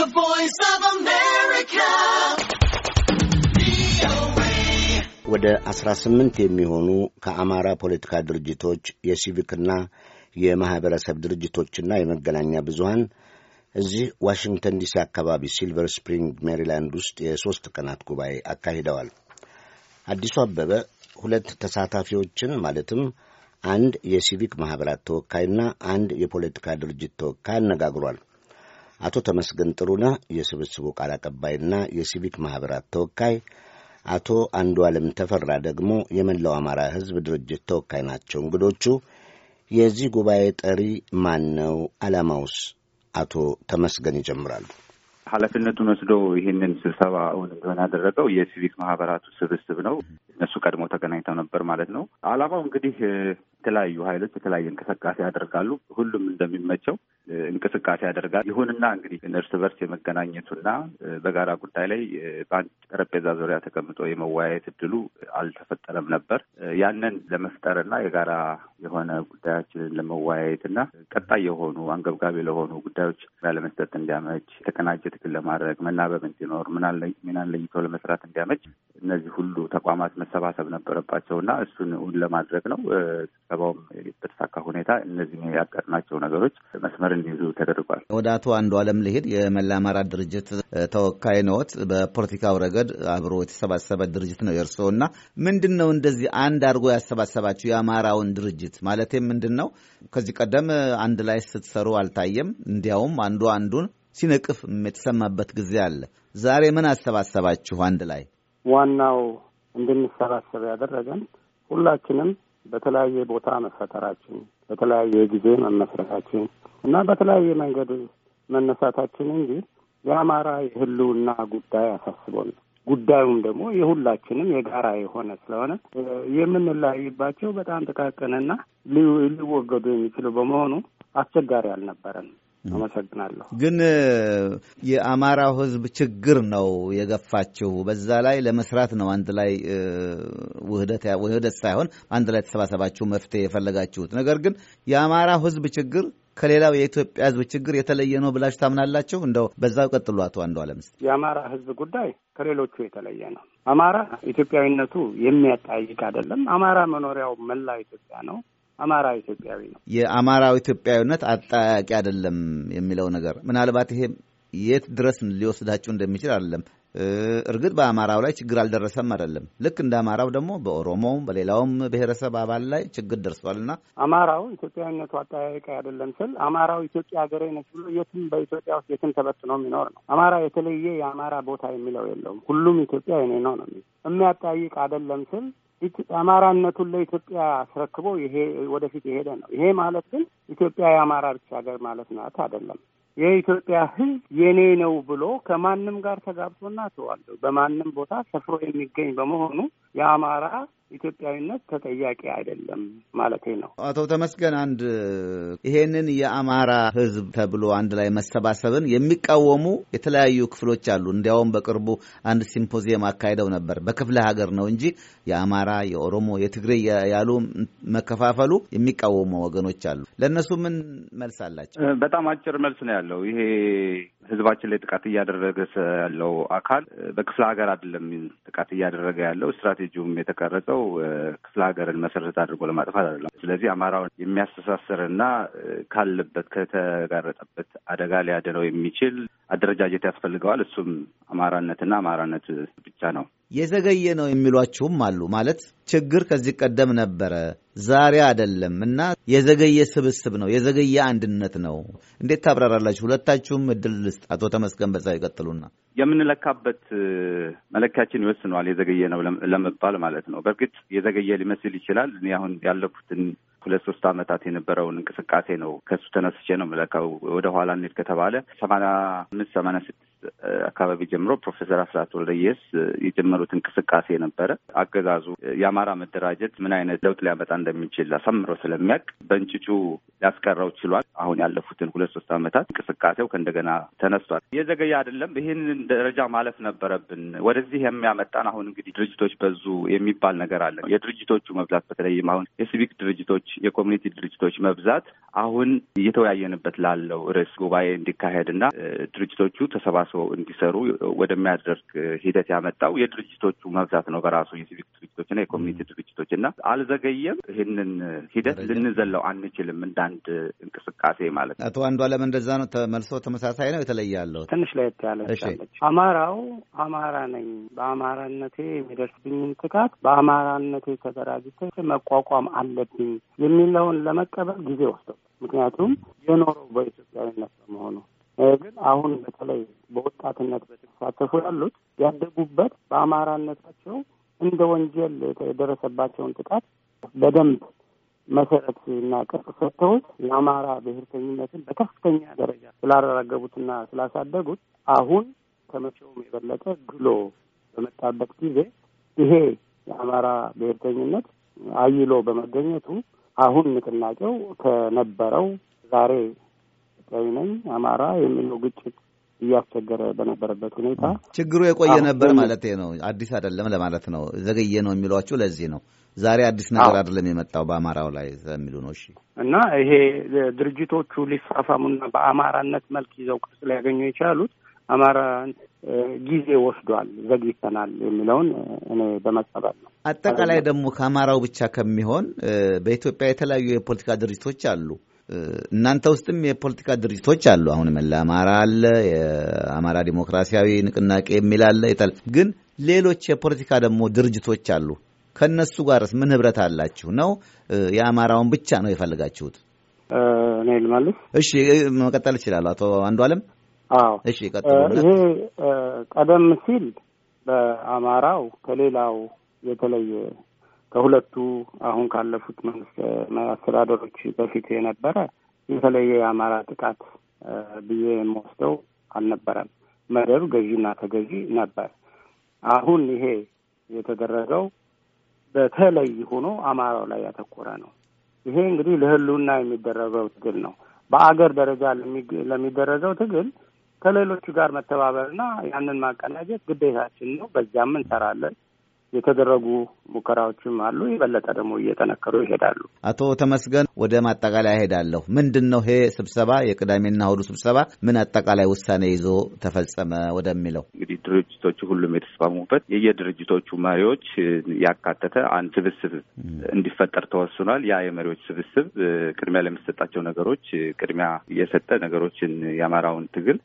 The Voice of America. ወደ 18 የሚሆኑ ከአማራ ፖለቲካ ድርጅቶች የሲቪክና የማህበረሰብ ድርጅቶችና የመገናኛ ብዙሃን እዚህ ዋሽንግተን ዲሲ አካባቢ ሲልቨር ስፕሪንግ ሜሪላንድ ውስጥ የሦስት ቀናት ጉባኤ አካሂደዋል። አዲሱ አበበ ሁለት ተሳታፊዎችን ማለትም አንድ የሲቪክ ማኅበራት ተወካይና አንድ የፖለቲካ ድርጅት ተወካይ አነጋግሯል። አቶ ተመስገን ጥሩነህ የስብስቡ ቃል አቀባይና የሲቪክ ማኅበራት ተወካይ፣ አቶ አንዱ አለም ተፈራ ደግሞ የመላው አማራ ሕዝብ ድርጅት ተወካይ ናቸው። እንግዶቹ የዚህ ጉባኤ ጠሪ ማን ነው? ዓላማውስ? አቶ ተመስገን ይጀምራሉ። ኃላፊነቱን ወስዶ ይህንን ስብሰባ እውን ቢሆን ያደረገው የሲቪክ ማህበራቱ ስብስብ ነው። እነሱ ቀድሞ ተገናኝተው ነበር ማለት ነው። ዓላማው እንግዲህ የተለያዩ ኃይሎች የተለያየ እንቅስቃሴ ያደርጋሉ። ሁሉም እንደሚመቸው እንቅስቃሴ ያደርጋል። ይሁንና እንግዲህ እርስ በርስ የመገናኘቱና በጋራ ጉዳይ ላይ በአንድ ጠረጴዛ ዙሪያ ተቀምጦ የመወያየት እድሉ አልተፈጠረም ነበር። ያንን ለመፍጠርና የጋራ የሆነ ጉዳያችንን ለመወያየትና ቀጣይ የሆኑ አንገብጋቢ ለሆኑ ጉዳዮች ለመስጠት እንዲያመች የተቀናጀ ትግል ለማድረግ መናበብ እንዲኖር ምናን ለይቶ ለመስራት እንዲያመች እነዚህ ሁሉ ተቋማት መሰባሰብ ነበረባቸውና እሱን እውን ለማድረግ ነው። ስብሰባውም በተሳካ ሁኔታ እነዚህ ያቀድናቸው ነገሮች መስመር እንዲይዙ ተደርጓል። ወደ አቶ አንዱ አለም ልሄድ። የመላ አማራ ድርጅት ተወካይ ነዎት። በፖለቲካው ረገድ አብሮ የተሰባሰበ ድርጅት ነው የእርስዎ እና ምንድን ነው እንደዚህ አንድ አድርጎ ያሰባሰባችሁ የአማራውን ድርጅት ማለቴም ምንድን ነው? ከዚህ ቀደም አንድ ላይ ስትሰሩ አልታየም። እንዲያውም አንዱ አንዱን ሲነቅፍ የተሰማበት ጊዜ አለ። ዛሬ ምን አሰባሰባችሁ አንድ ላይ? ዋናው እንድንሰባሰብ ያደረገን ሁላችንም በተለያየ ቦታ መፈጠራችን፣ በተለያየ ጊዜ መመስረታችን እና በተለያየ መንገድ መነሳታችን እንጂ የአማራ የህልውና ጉዳይ አሳስቦን ጉዳዩም ደግሞ የሁላችንም የጋራ የሆነ ስለሆነ የምንለያይባቸው በጣም ጥቃቅንና ሊወገዱ የሚችሉ በመሆኑ አስቸጋሪ አልነበረንም። አመሰግናለሁ። ግን የአማራው ህዝብ ችግር ነው የገፋችሁ። በዛ ላይ ለመስራት ነው አንድ ላይ ውህደት ሳይሆን አንድ ላይ ተሰባሰባችሁ መፍትሄ የፈለጋችሁት። ነገር ግን የአማራው ህዝብ ችግር ከሌላው የኢትዮጵያ ህዝብ ችግር የተለየ ነው ብላችሁ ታምናላችሁ? እንደው በዛው ቀጥሉ አቶ አንዱዓለም። የአማራ ህዝብ ጉዳይ ከሌሎቹ የተለየ ነው። አማራ ኢትዮጵያዊነቱ የሚያጠያይቅ አይደለም። አማራ መኖሪያው መላ ኢትዮጵያ ነው። አማራ ኢትዮጵያዊ ነው። የአማራው ኢትዮጵያዊነት አጠያቂ አይደለም የሚለው ነገር ምናልባት ይሄ የት ድረስ ሊወስዳችሁ እንደሚችል አይደለም። እርግጥ በአማራው ላይ ችግር አልደረሰም አይደለም። ልክ እንደ አማራው ደግሞ በኦሮሞውም በሌላውም ብሔረሰብ አባል ላይ ችግር ደርሷልና አማራው ኢትዮጵያዊነቱ አጠያቂ አይደለም ስል አማራው ኢትዮጵያ ሀገሬ ነች ብሎ የትም በኢትዮጵያ ውስጥ የትም ተበትኖ የሚኖር ነው። አማራ የተለየ የአማራ ቦታ የሚለው የለውም። ሁሉም ኢትዮጵያ የኔ ነው ነው የሚያጠያይቅ አይደለም ስል አማራነቱን ለኢትዮጵያ አስረክቦ ይሄ ወደፊት የሄደ ነው። ይሄ ማለት ግን ኢትዮጵያ የአማራ ብቻ ሀገር ማለት ናት አይደለም። የኢትዮጵያ ሕዝብ የኔ ነው ብሎ ከማንም ጋር ተጋብቶና ተዋለሁ በማንም ቦታ ሰፍሮ የሚገኝ በመሆኑ የአማራ ኢትዮጵያዊነት ተጠያቂ አይደለም ማለት ነው። አቶ ተመስገን አንድ ይሄንን የአማራ ሕዝብ ተብሎ አንድ ላይ መሰባሰብን የሚቃወሙ የተለያዩ ክፍሎች አሉ። እንዲያውም በቅርቡ አንድ ሲምፖዚየም አካሄደው ነበር። በክፍለ ሀገር ነው እንጂ የአማራ፣ የኦሮሞ፣ የትግሬ ያሉ መከፋፈሉ የሚቃወሙ ወገኖች አሉ። ለእነሱ ምን መልስ አላቸው? በጣም አጭር መልስ ነው ያለው ይሄ ህዝባችን ላይ ጥቃት እያደረገ ያለው አካል በክፍለ ሀገር አይደለም ጥቃት እያደረገ ያለው። ስትራቴጂውም የተቀረጸው ክፍለ ሀገርን መሰረት አድርጎ ለማጥፋት አይደለም። ስለዚህ አማራውን የሚያስተሳስርና ካለበት ከተጋረጠበት አደጋ ሊያድነው የሚችል አደረጃጀት ያስፈልገዋል። እሱም አማራነትና አማራነት ብቻ ነው። የዘገየ ነው የሚሏችሁም አሉ። ማለት ችግር ከዚህ ቀደም ነበረ፣ ዛሬ አይደለም እና የዘገየ ስብስብ ነው፣ የዘገየ አንድነት ነው። እንዴት ታብራራላችሁ? ሁለታችሁም እድል ልስጥ። አቶ ተመስገን በዛ ይቀጥሉና የምንለካበት መለኪያችን ይወስነዋል፣ የዘገየ ነው ለመባል ማለት ነው። በእርግጥ የዘገየ ሊመስል ይችላል። እኔ አሁን ያለፉትን ሁለት ሶስት ዓመታት የነበረውን እንቅስቃሴ ነው ከሱ ተነስቼ ነው መለካው። ወደ ኋላ እንሂድ ከተባለ ሰማንያ አምስት ሰማንያ ስድስት አካባቢ ጀምሮ ፕሮፌሰር አስራት ወልደየስ የጀመሩት እንቅስቃሴ ነበረ። አገዛዙ የአማራ መደራጀት ምን አይነት ለውጥ ሊያመጣ እንደሚችል አሳምሮ ስለሚያውቅ በእንጭጩ ሊያስቀረው ችሏል። አሁን ያለፉትን ሁለት ሶስት ዓመታት እንቅስቃሴው ከእንደገና ተነስቷል። የዘገየ አይደለም። ይህንን ደረጃ ማለፍ ነበረብን። ወደዚህ የሚያመጣን አሁን እንግዲህ ድርጅቶች በዙ የሚባል ነገር አለ። የድርጅቶቹ መብዛት በተለይም አሁን የሲቪክ ድርጅቶች፣ የኮሚኒቲ ድርጅቶች መብዛት አሁን እየተወያየንበት ላለው ርዕስ ጉባኤ እንዲካሄድ እና ድርጅቶቹ ተሰባ ተሰባስበው እንዲሰሩ ወደሚያደርግ ሂደት ያመጣው የድርጅቶቹ መብዛት ነው በራሱ የሲቪክ ድርጅቶችና የኮሚኒቲ ድርጅቶች እና አልዘገየም። ይህንን ሂደት ልንዘለው አንችልም፣ እንዳንድ እንቅስቃሴ ማለት ነው። አቶ አንዱ አለም እንደዛ ነው ተመልሶ ተመሳሳይ ነው የተለየ ትንሽ ለየት ያለች አማራው አማራ ነኝ በአማራነቴ የሚደርስብኝን ጥቃት በአማራነቴ ተደራጅተ መቋቋም አለብኝ የሚለውን ለመቀበል ጊዜ ወስዷል። ምክንያቱም የኖረው በኢትዮጵያዊነት በመሆኑ አሁን በተለይ በወጣትነት በተሳተፉ ያሉት ያደጉበት በአማራነታቸው እንደ ወንጀል የደረሰባቸውን ጥቃት በደንብ መሰረት እና ቅርጽ ሰጥተውት የአማራ ብሔርተኝነትን በከፍተኛ ደረጃ ስላረጋገቡትና ስላሳደጉት አሁን ከመቼውም የበለጠ ግሎ በመጣበት ጊዜ ይሄ የአማራ ብሔርተኝነት አይሎ በመገኘቱ አሁን ንቅናቄው ከነበረው ዛሬ ኢትዮጵያዊ ነኝ አማራ የሚለው ግጭት እያስቸገረ በነበረበት ሁኔታ ችግሩ የቆየ ነበር ማለት ነው። አዲስ አይደለም ለማለት ነው። ዘገየ ነው የሚሏችሁ ለዚህ ነው። ዛሬ አዲስ ነገር አይደለም የመጣው በአማራው ላይ የሚሉ ነው። እሺ። እና ይሄ ድርጅቶቹ ሊፋፋሙና በአማራነት መልክ ይዘው ቅርጽ ሊያገኙ የቻሉት አማራን ጊዜ ወስዷል፣ ዘግይተናል የሚለውን እኔ በመቀበል ነው። አጠቃላይ ደግሞ ከአማራው ብቻ ከሚሆን በኢትዮጵያ የተለያዩ የፖለቲካ ድርጅቶች አሉ እናንተ ውስጥም የፖለቲካ ድርጅቶች አሉ። አሁን መላ አማራ አለ፣ የአማራ ዲሞክራሲያዊ ንቅናቄ የሚል አለ። ግን ሌሎች የፖለቲካ ደግሞ ድርጅቶች አሉ። ከእነሱ ጋርስ ምን ህብረት አላችሁ? ነው የአማራውን ብቻ ነው የፈልጋችሁት? እኔ ልማሉ። እሺ መቀጠል ይችላሉ አቶ አንዱ አለም። አዎ፣ እሺ ቀጥሉ። ይሄ ቀደም ሲል በአማራው ከሌላው የተለየ ከሁለቱ አሁን ካለፉት መንግስት አስተዳደሮች በፊት የነበረ የተለየ የአማራ ጥቃት ብዬ የምወስደው አልነበረም። መደብ ገዢና ተገዢ ነበር። አሁን ይሄ የተደረገው በተለይ ሆኖ አማራው ላይ ያተኮረ ነው። ይሄ እንግዲህ ለህልውና የሚደረገው ትግል ነው። በአገር ደረጃ ለሚደረገው ትግል ከሌሎቹ ጋር መተባበርና ያንን ማቀናጀት ግዴታችን ነው። በዚያም እንሰራለን። የተደረጉ ሙከራዎችም አሉ። የበለጠ ደግሞ እየጠነከሩ ይሄዳሉ። አቶ ተመስገን ወደ ማጠቃለያ እሄዳለሁ። ምንድን ነው ይሄ ስብሰባ የቅዳሜና እሁዱ ስብሰባ ምን አጠቃላይ ውሳኔ ይዞ ተፈጸመ ወደሚለው እንግዲህ ድርጅቶቹ ሁሉም የተስማሙበት የየድርጅቶቹ መሪዎች ያካተተ አንድ ስብስብ እንዲፈጠር ተወስኗል። ያ የመሪዎች ስብስብ ቅድሚያ ለሚሰጣቸው ነገሮች ቅድሚያ የሰጠ ነገሮችን የአማራውን ትግል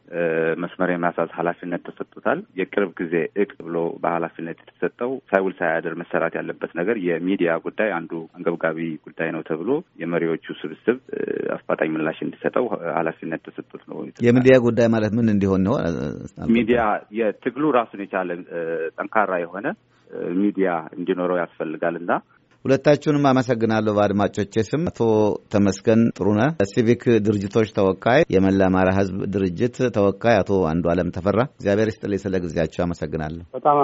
መስመር የማሳዝ ኃላፊነት ተሰጥቶታል። የቅርብ ጊዜ እቅድ ብሎ በኃላፊነት የተሰጠው ሳይውል ሳያደር መሰራት ያለበት ነገር የሚዲያ ጉዳይ አንዱ አንገብጋቢ ጉዳይ ነው ተብሎ የመሪዎቹ ስብስብ አፋጣኝ ምላሽ እንዲሰጠው ኃላፊነት ተሰጡት ነው። የሚዲያ ጉዳይ ማለት ምን እንዲሆን ነው? ሚዲያ የትግሉ ራሱን የቻለ ጠንካራ የሆነ ሚዲያ እንዲኖረው ያስፈልጋል እና ሁለታችሁንም አመሰግናለሁ። በአድማጮቼ ስም አቶ ተመስገን ጥሩነ ሲቪክ ድርጅቶች ተወካይ፣ የመላ አማራ ህዝብ ድርጅት ተወካይ አቶ አንዱ አለም ተፈራ፣ እግዚአብሔር ይስጥልኝ። ስለ ጊዜያቸው አመሰግናለሁ። በጣም